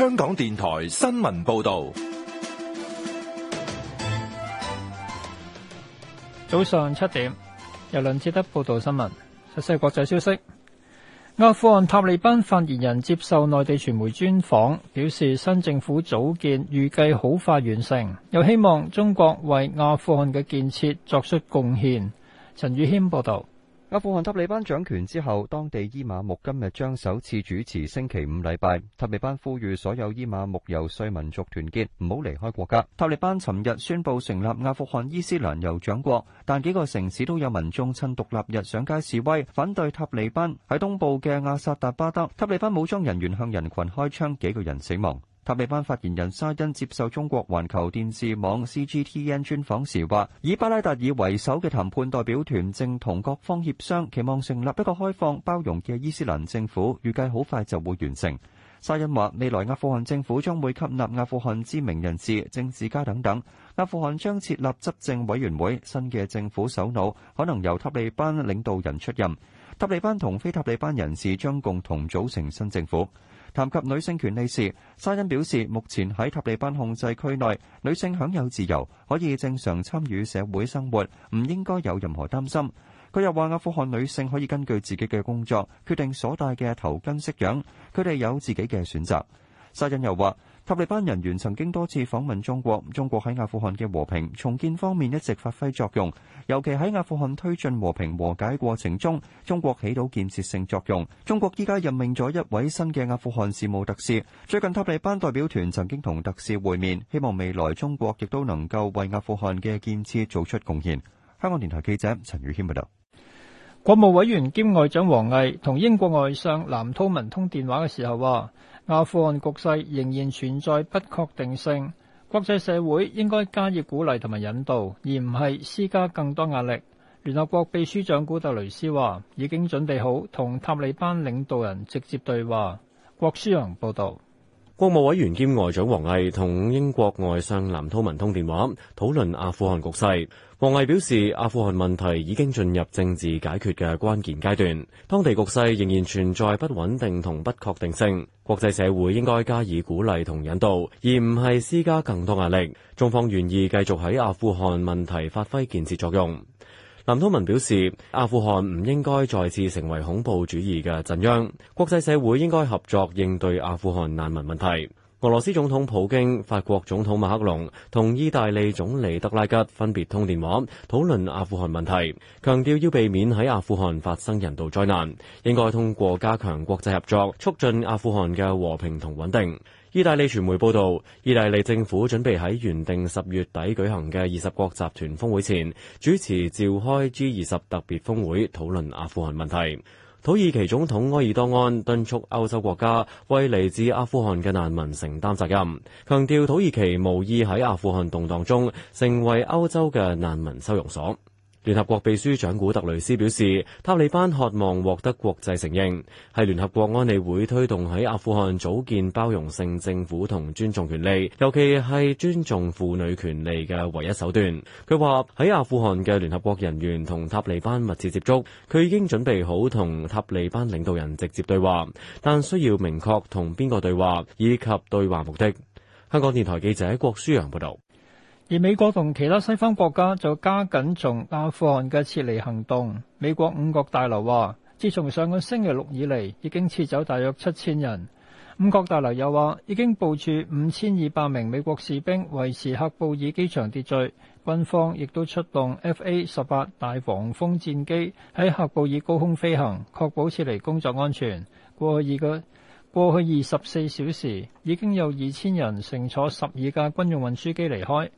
香港電台新聞報道，早上七點由梁志德報道新聞。十四國際消息：阿富汗塔利班發言人接受內地傳媒專訪，表示新政府組建預計好快完成，又希望中國為阿富汗嘅建設作出貢獻。陳宇謙報道。阿富汗塔利班掌權之後，當地伊馬木今日將首次主持星期五禮拜。塔利班呼籲所有伊馬木遊說民族團結，唔好離開國家。塔利班尋日宣布成立阿富汗伊斯蘭酋長國，但幾個城市都有民眾趁獨立日上街示威，反對塔利班。喺東部嘅阿薩達巴德，塔利班武裝人員向人群開槍，幾個人死亡。塔利班發言人沙欣接受中國環球電視網 CGTN 專訪時話，以巴拉達爾為首嘅談判代表團正同各方協商，期望成立一個開放、包容嘅伊斯蘭政府。預計好快就會完成。沙欣話，未來阿富汗政府將會吸納阿富汗知名人士、政治家等等。阿富汗將設立執政委員會，新嘅政府首腦可能由塔利班領導人出任。塔利班同非塔利班人士將共同組成新政府。談及女性權利時，沙欣表示，目前喺塔利班控制區內，女性享有自由，可以正常參與社會生活，唔應該有任何擔心。佢又話，阿富汗女性可以根據自己嘅工作，決定所戴嘅頭巾式樣，佢哋有自己嘅選擇。沙欣又話，塔利班人員曾經多次訪問中國，中國喺阿富汗嘅和平重建方面一直發揮作用，尤其喺阿富汗推進和平和解過程中，中國起到建設性作用。中國依家任命咗一位新嘅阿富汗事務特使，最近塔利班代表團曾經同特使會面，希望未來中國亦都能夠為阿富汗嘅建設做出貢獻。香港電台記者陳宇軒報道。國務委員兼外長王毅同英國外相藍韜文通電話嘅時候話，阿富汗局勢仍然存在不確定性，國際社會應該加以鼓勵同埋引導，而唔係施加更多壓力。聯合國秘書長古特雷斯話，已經準備好同塔利班領導人直接對話。郭舒陽報道。國務委員兼外長王毅同英國外相藍韜文通電話，討論阿富汗局勢。王毅表示，阿富汗問題已經進入政治解決嘅關鍵階段，當地局勢仍然存在不穩定同不確定性，國際社會應該加以鼓勵同引導，而唔係施加更多壓力。中方願意繼續喺阿富汗問題發揮建設作用。林通文表示，阿富汗唔應該再次成為恐怖主義嘅鎮央，國際社會應該合作應對阿富汗難民問題。俄羅斯總統普京、法國總統馬克龍同意大利總理德拉吉分別通電話，討論阿富汗問題，強調要避免喺阿富汗發生人道災難，應該通過加強國際合作，促進阿富汗嘅和平同穩定。意大利傳媒報道，意大利政府準備喺原定十月底舉行嘅二十國集團峰會前，主持召開 G 二十特別峰會，討論阿富汗問題。土耳其總統埃爾多安敦促歐洲國家為嚟自阿富汗嘅難民承擔責任，強調土耳其無意喺阿富汗動盪中成為歐洲嘅難民收容所。聯合國秘書長古特雷斯表示，塔利班渴望獲得國際承認，係聯合國安理會推動喺阿富汗組建包容性政府同尊重權利，尤其係尊重婦女權利嘅唯一手段。佢話喺阿富汗嘅聯合國人員同塔利班密切接觸，佢已經準備好同塔利班領導人直接對話，但需要明確同邊個對話以及對話目的。香港電台記者郭舒陽報道。而美國同其他西方國家就加緊從阿富汗嘅撤離行動。美國五角大樓話，自從上個星期六以嚟，已經撤走大約七千人。五角大樓又話，已經部署五千二百名美國士兵維持喀布爾機場秩序。軍方亦都出動 F A 十八大黃蜂戰機喺喀布爾高空飛行，確保撤離工作安全。過去二個過去二十四小時已經有二千人乘坐十二架軍用運輸機離開。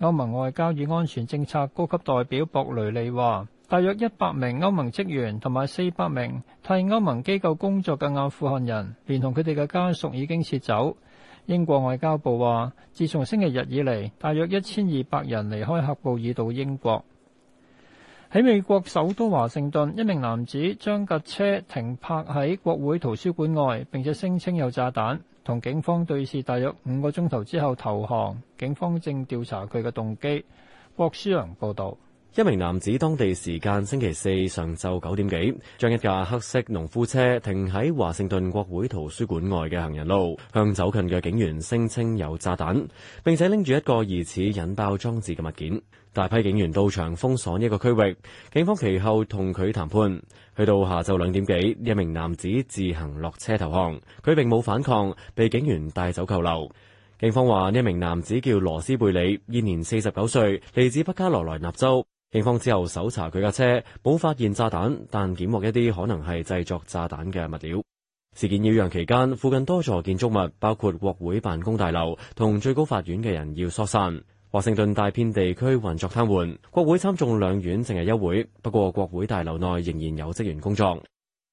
歐盟外交與安全政策高級代表博雷利話，大約一百名歐盟職員同埋四百名替歐盟機構工作嘅阿富汗人，連同佢哋嘅家屬已經撤走。英國外交部話，自從星期日以嚟，大約一千二百人離開喀布爾到英國。喺美國首都華盛頓，一名男子將架車停泊喺國會圖書館外，並且聲稱有炸彈。同警方對峙大約五個鐘頭之後投降，警方正調查佢嘅動機。郭思良報道。一名男子，當地時間星期四上晝九點幾，將一架黑色農夫車停喺華盛頓國會圖書館外嘅行人路，向走近嘅警員聲稱有炸彈，並且拎住一個疑似引爆裝置嘅物件。大批警員到場封鎖呢個區域，警方其後同佢談判。去到下晝兩點幾，一名男子自行落車投降，佢並冇反抗，被警員帶走扣留。警方話呢名男子叫羅斯貝里，現年四十九歲，嚟自北卡羅來納州。警方之後搜查佢架車，冇發現炸彈，但檢獲一啲可能係製作炸彈嘅物料。事件擾攘期間，附近多座建築物，包括國會辦公大樓同最高法院嘅人要疏散。華盛頓大片地區運作癱瘓，國會參眾兩院淨係休會，不過國會大樓內仍然有職員工作。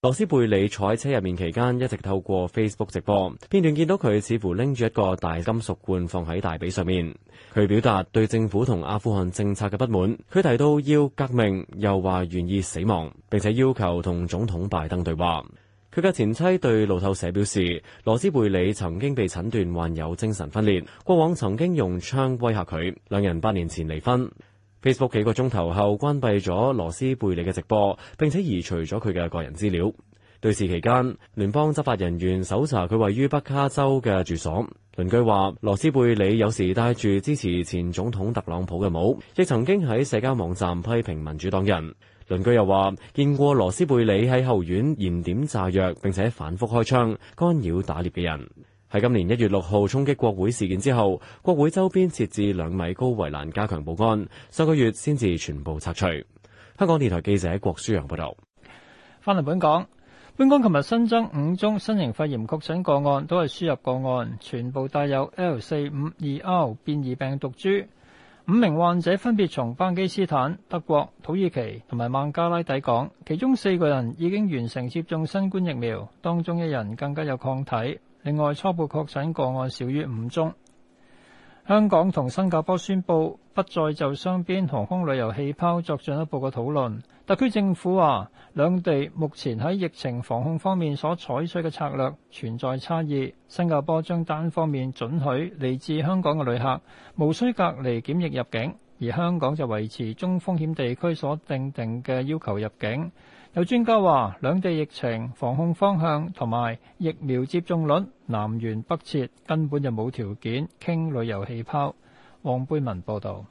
羅斯貝里坐喺車入面期間，一直透過 Facebook 直播片段，見到佢似乎拎住一個大金屬罐放喺大髀上面。佢表達對政府同阿富汗政策嘅不滿。佢提到要革命，又話願意死亡，並且要求同總統拜登對話。佢嘅前妻對路透社表示，羅斯貝里曾經被診斷患有精神分裂，過往曾經用槍威嚇佢。兩人八年前離婚。Facebook 幾個鐘頭後關閉咗羅斯貝里嘅直播，並且移除咗佢嘅個人資料。對此期間，聯邦執法人員搜查佢位於北卡州嘅住所。鄰居話，羅斯貝里有時戴住支持前總統特朗普嘅帽，亦曾經喺社交網站批評民主黨人。鄰居又話，見過羅斯貝里喺後院燃點炸藥，並且反覆開槍，干擾打獵嘅人。喺今年一月六號衝擊國會事件之後，國會周邊設置兩米高圍欄，加強保安。三個月先至全部拆除。香港電台記者郭舒揚報道。翻嚟本港，本港琴日新增五宗新型肺炎確診個案，都係輸入個案，全部帶有 L 四五二 R 變異病毒株。五名患者分別從巴基斯坦、德國、土耳其同埋孟加拉抵港，其中四個人已經完成接種新冠疫苗，當中一人更加有抗體。另外，初步確診個案少於五宗。香港同新加坡宣布不再就雙邊航空旅遊氣泡作進一步嘅討論。特區政府話，兩地目前喺疫情防控方面所採取嘅策略存在差異。新加坡將單方面准許嚟自香港嘅旅客無需隔離檢疫入境，而香港就維持中風險地區所定定嘅要求入境。有專家話，兩地疫情防控方向同埋疫苗接種率南轅北轍，根本就冇條件傾旅遊氣泡。黃貝文報導，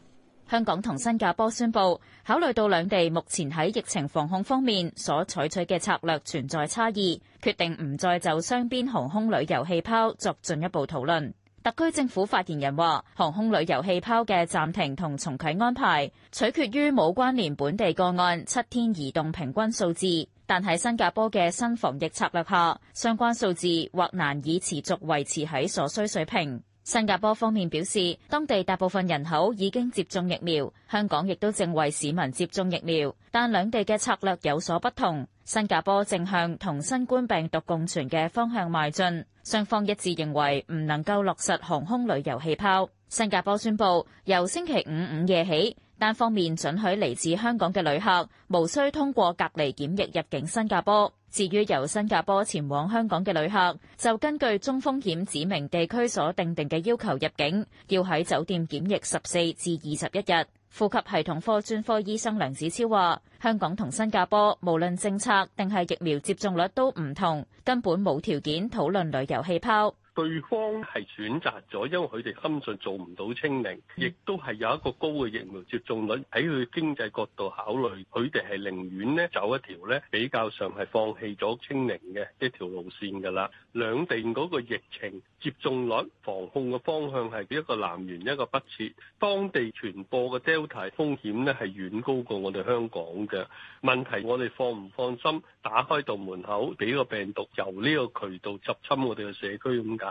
香港同新加坡宣布，考慮到兩地目前喺疫情防控方面所採取嘅策略存在差異，決定唔再就雙邊航空旅遊氣泡作進一步討論。特區政府發言人話，航空旅遊氣泡嘅暫停同重啟安排取決於冇關聯本地個案七天移動平均數字，但喺新加坡嘅新防疫策略下，相關數字或難以持續維持喺所需水平。新加坡方面表示，當地大部分人口已經接種疫苗，香港亦都正為市民接種疫苗，但兩地嘅策略有所不同。新加坡正向同新冠病毒共存嘅方向邁進，雙方一致認為唔能夠落實航空旅遊氣泡。新加坡宣布由星期五午夜起，單方面准許嚟自香港嘅旅客無需通過隔離檢疫入境新加坡。至於由新加坡前往香港嘅旅客，就根據中風險指明地區所定定嘅要求入境，要喺酒店檢疫十四至二十一日。呼吸系統科專科醫生梁子超話：香港同新加坡無論政策定係疫苗接種率都唔同，根本冇條件討論旅遊氣泡。對方係選擇咗，因為佢哋深信做唔到清零，亦都係有一個高嘅疫苗接種率。喺佢經濟角度考慮，佢哋係寧願走一條比較上係放棄咗清零嘅一條路線㗎啦。兩地嗰個疫情接種率、防控嘅方向係一個南轅一個北轍，當地傳播嘅 Delta 風險咧係遠高過我哋香港嘅問題。我哋放唔放心打開道門口，俾個病毒由呢個渠道入侵我哋嘅社區咁？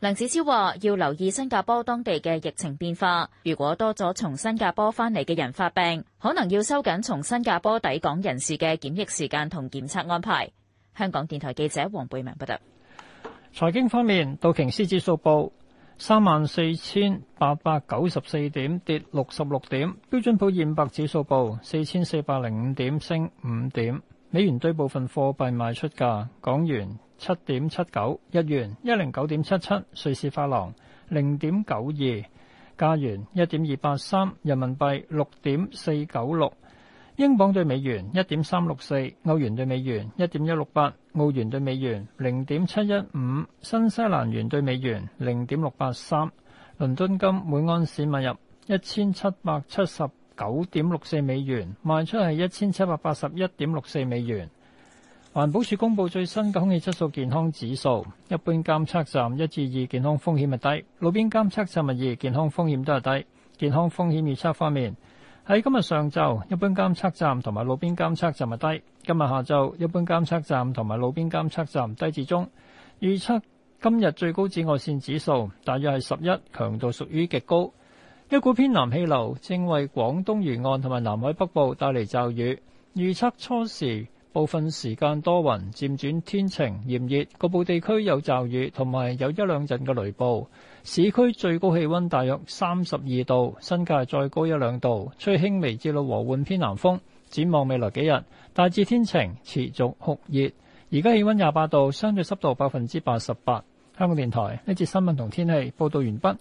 梁子超話要留意新加坡當地嘅疫情變化，如果多咗從新加坡翻嚟嘅人發病，可能要收緊從新加坡抵港人士嘅檢疫時間同檢測安排。香港電台記者黃貝明報道。財經方面，道瓊斯指數報三萬四千八百九十四點，跌六十六點；標準普爾五百指數報四千四百零五點，升五點。美元兌部分貨幣賣出價：港元七點七九，日元一零九點七七，瑞士法郎零點九二，加元一點二八三，人民幣六點四九六，英鎊對美元一點三六四，歐元對美元一點一六八，澳元對美元零點七一五，新西蘭元對美元零點六八三，倫敦金每安士買入一千七百七十九點六四美元，賣出係一千七百八十一點六四美元。環保署公布最新嘅空氣質素健康指數，一般監測站一至二健康風險係低，路邊監測站物二健康風險都係低。健康風險預測方面，喺今日上晝，一般監測站同埋路邊監測站係低；今日下晝，一般監測站同埋路邊監測站低至中。預測今日最高紫外線指數大約係十一，強度屬於極高。一股偏南氣流正為廣東沿岸同埋南海北部帶嚟驟雨，預測初時部分時間多雲，漸轉天晴，炎熱，局部地區有驟雨同埋有，有一兩陣嘅雷暴。市區最高氣温大約三十二度，新界再高一兩度，吹輕微至到和緩偏南風。展望未來幾日，大致天晴，持續酷熱。而家氣温廿八度，相對濕度百分之八十八。香港電台呢節新聞同天氣報導完畢。